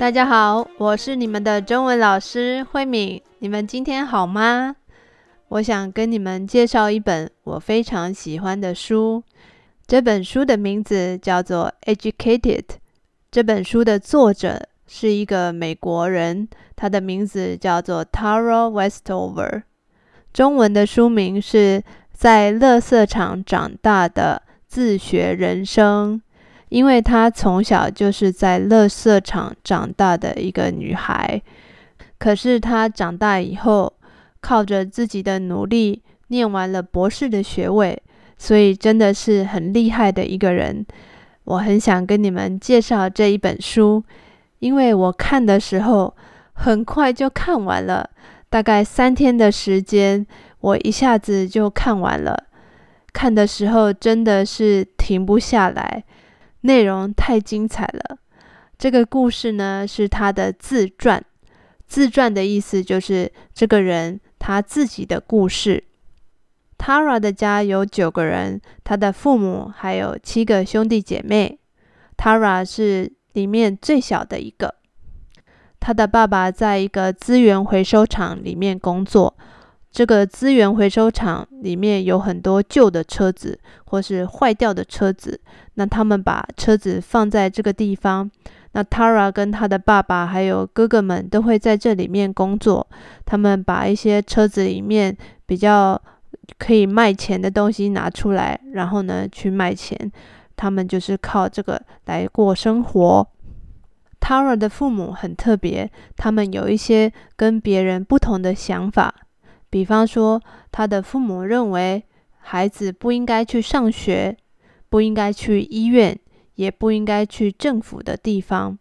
大家好，我是你們的中文老師慧敏。你們今天好嗎？我想跟你們介紹一本我非常喜歡的書。這本書的名字叫做《Educated》。這本書的作者是一個美國人，他的名字叫做 Tara Westover。中文的書名是《在垃圾場長大的自學人生》。因為她從小就是在垃圾場長大的一個女孩，可是她長大以後靠着自己的努力念完了博士的學位，所以真的是很厲害的一個人。我很想跟你們介紹這一本書，因為我看的時候很快就看完了，大概三天的時間，我一下子就看完了。看的時候真的是停不下來。內容太精彩了！這個故事呢，是他的自傳，自傳的意思就是這個人他自己的故事。Tara 的家有九個人，他的父母還有七個兄弟姐妹。Tara 是裡面最小的一個。他的爸爸在一個資源回收場裡面工作。這個資源回收場裡面有很多舊的車子，或是壞掉的車子。那他們把車子放在這個地方。那 Tara 跟他的爸爸還有哥哥們都會在這裡面工作。他們把一些車子裡面比較可以賣錢的東西拿出來，然後呢去賣錢。他們就是靠這個來過生活。Tara 的父母很特別，他們有一些跟別人不同的想法。比方說，他的父母認為孩子不應該去上學，不應該去醫院，也不應該去政府的地方，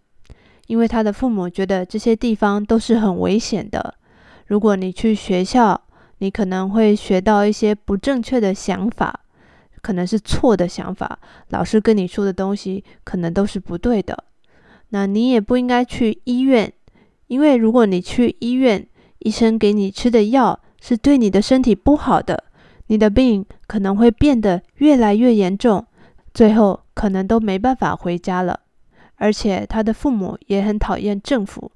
因為他的父母覺得這些地方都是很危險的。如果你去學校，你可能會學到一些不正確的想法，可能是錯的想法。老師跟你說的東西可能都是不對的。那你也不應該去醫院，因為如果你去醫院，醫生給你吃的藥。是對你的身體不好的，你的病可能會變得越來越嚴重，最後可能都沒辦法回家了。而且他的父母也很討厭政府，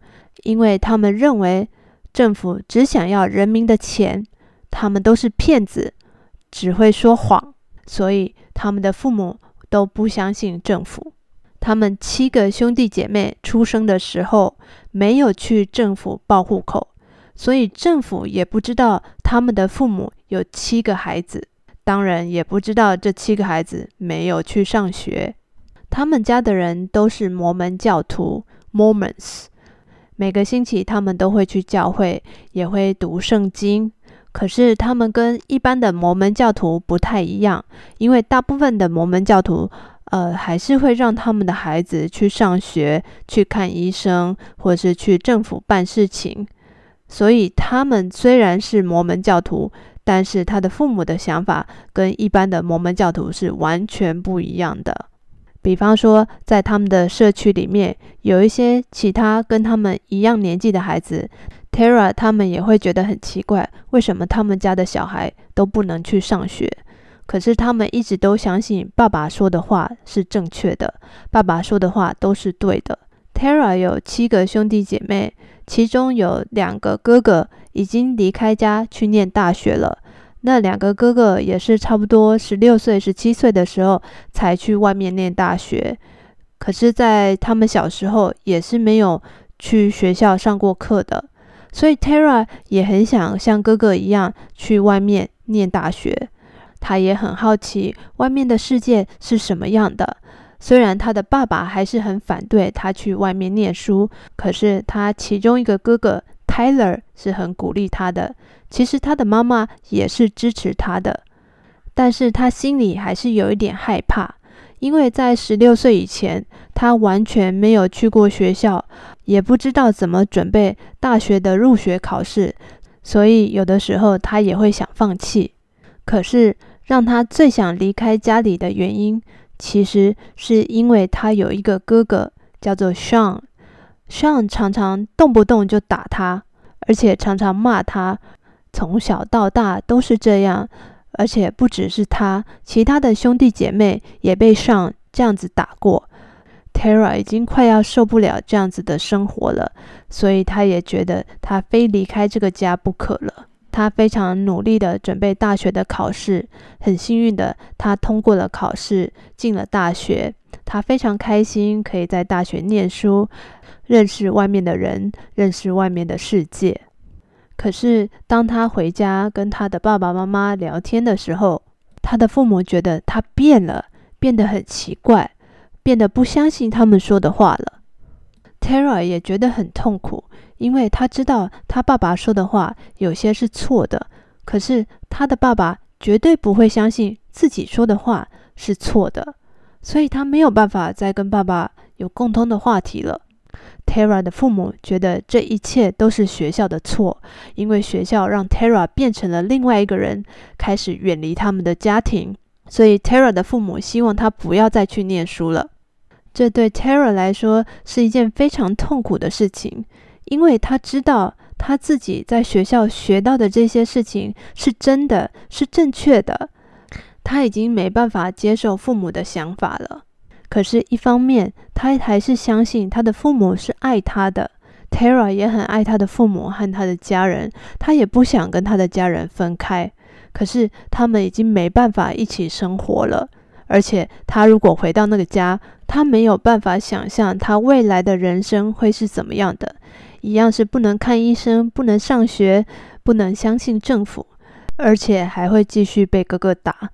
因為他們認為政府只想要人民的錢，他們都是騙子，只會說謊，所以他們的父母都不相信政府。他們七個兄弟姐妹出生的時候沒有去政府報戶口。所以政府也不知道他們的父母有七個孩子，當然也不知道這七個孩子沒有去上學。他們家的人都是摩門教徒 Mormons，每個星期他們都會去教會，也會讀聖經。可是他們跟一般的摩門教徒不太一樣，因為大部分的摩門教徒，呃，還是會讓他們的孩子去上學、去看醫生，或是去政府辦事情。所以他們雖然是摩門教徒，但是他的父母的想法跟一般的摩門教徒是完全不一樣的。比方說，在他們的社區裡面，有一些其他跟他們一樣年紀的孩子，Tara 他們也會覺得很奇怪，為什麼他們家的小孩都不能去上學？可是他們一直都相信爸爸說的話是正確的，爸爸說的話都是對的。Tara 有七個兄弟姐妹，其中有兩個哥哥已經離開家去念大學了。那兩個哥哥也是差不多十六歲、十七歲的時候才去外面念大學。可是，在他們小時候也是沒有去學校上過課的，所以 Tara 也很想像哥哥一樣去外面念大學。她也很好奇外面的世界是什麼樣的。雖然他的爸爸還是很反對他去外面念書，可是他其中一個哥哥 Tyler 是很鼓勵他的。其實他的媽媽也是支持他的，但是他心裡還是有一點害怕，因為在十六歲以前，他完全沒有去過學校，也不知道怎麼準備大學的入學考試，所以有的時候他也會想放棄。可是讓他最想離開家裡的原因，其實是因為他有一個哥哥，叫做 Shawn，Shawn 常常動不動就打他，而且常常罵他，從小到大都是這樣，而且不只是他，其他的兄弟姐妹也被 Shawn 這樣子打過。Tara 已經快要受不了這樣子的生活了，所以他也覺得他非離開這個家不可了。他非常努力的準備大學的考試，很幸運的他通過了考試，進了大學。他非常開心，可以在大學念書，認識外面的人，認識外面的世界。可是當他回家跟他的爸爸媽媽聊天的時候，他的父母覺得他變了，變得很奇怪，變得不相信他們說的話了。Tara 也覺得很痛苦，因為她知道她爸爸說的話有些是錯的，可是她的爸爸絕對不會相信自己說的話是錯的，所以她沒有辦法再跟爸爸有共通的話題了。Tara 的父母覺得這一切都是學校的錯，因為學校讓 Tara 變成了另外一個人，開始遠離他們的家庭，所以 Tara 的父母希望他不要再去念書了。這對 Tara 來說是一件非常痛苦的事情，因為她知道她自己在學校學到的這些事情是真的，是正確的。她已經沒辦法接受父母的想法了。可是，一方面，她還是相信她的父母是愛她的。Tara 也很愛她的父母和她的家人，她也不想跟她的家人分開。可是，他們已經沒辦法一起生活了。而且他如果回到那個家，他沒有辦法想象他未來的人生會是怎麼樣的，一樣是不能看醫生、不能上學、不能相信政府，而且還會繼續被哥哥打。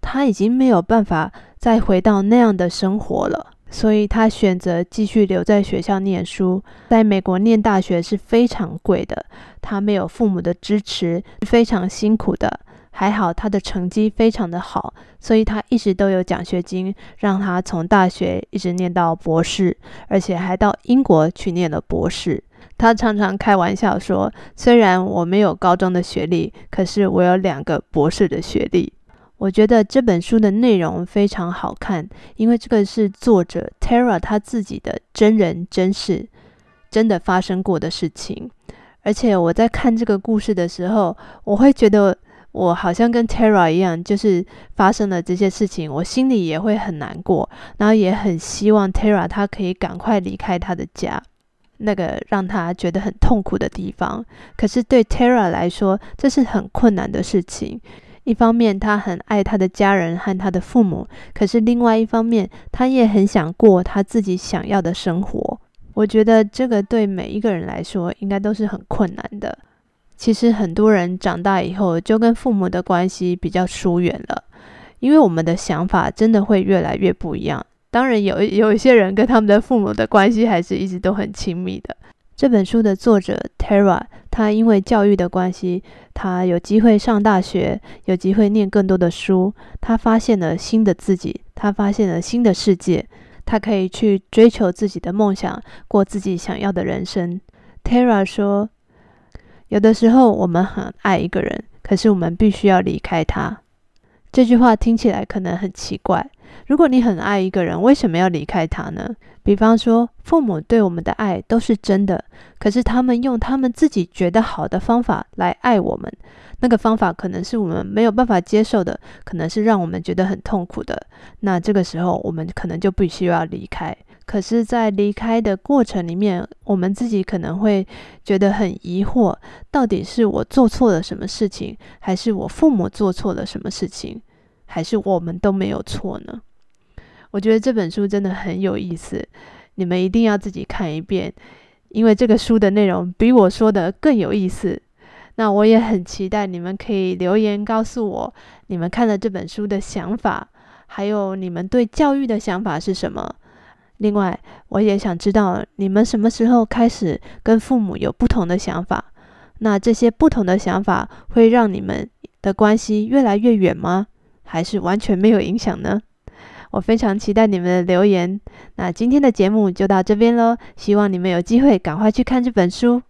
他已經沒有辦法再回到那樣的生活了，所以他選擇繼續留在學校念書。在美國念大學是非常貴的，他沒有父母的支持，是非常辛苦的。還好他的成績非常的好，所以他一直都有獎學金，讓他從大學一直念到博士，而且還到英國去念了博士。他常常開玩笑說：“雖然我沒有高中的學歷，可是我有兩個博士的學歷。”我覺得這本書的內容非常好看，因為這個是作者 Tara 他自己的真人真事，真的發生過的事情。而且我在看這個故事的時候，我會覺得。我好像跟 Tara 一樣，就是發生了這些事情，我心裡也會很難過，然後也很希望 Tara 他可以趕快離開他的家，那個讓他覺得很痛苦的地方。可是對 Tara 來說，這是很困難的事情。一方面，他很愛他的家人和他的父母，可是另外一方面，他也很想過他自己想要的生活。我覺得這個對每一個人來說，應該都是很困難的。其實很多人長大以後就跟父母的關係比較疏遠了，因為我們的想法真的會越來越不一樣。當然有，有有一些人跟他們的父母的關係還是一直都很親密的。這本書的作者 Tara，他因為教育的關係，他有機會上大學，有機會念更多的書，他發現了新的自己，他發現了新的世界，他可以去追求自己的夢想，過自己想要的人生。Tara 說。有的時候，我們很愛一個人，可是我們必須要離開他。這句話聽起來可能很奇怪。如果你很愛一個人，為什麼要離開他呢？比方說，父母對我們的愛都是真的，可是他們用他們自己覺得好的方法來愛我們，那個方法可能是我們沒有辦法接受的，可能是讓我們覺得很痛苦的。那這個時候，我們可能就必須要離開。可是，在離開的過程裡面，我們自己可能會覺得很疑惑，到底是我做錯了什麼事情，還是我父母做錯了什麼事情，還是我們都沒有錯呢？我覺得這本書真的很有意思，你們一定要自己看一遍，因為這個書的內容比我說的更有意思。那我也很期待你們可以留言告訴我，你們看了這本書的想法，還有你們對教育的想法是什麼。另外，我也想知道你們什麼時候開始跟父母有不同的想法？那這些不同的想法會讓你們的關係越來越遠嗎？還是完全沒有影響呢？我非常期待你們的留言。那今天的節目就到這邊嘍，希望你們有機會趕快去看這本書。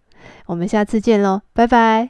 我們下次見嘍，拜拜！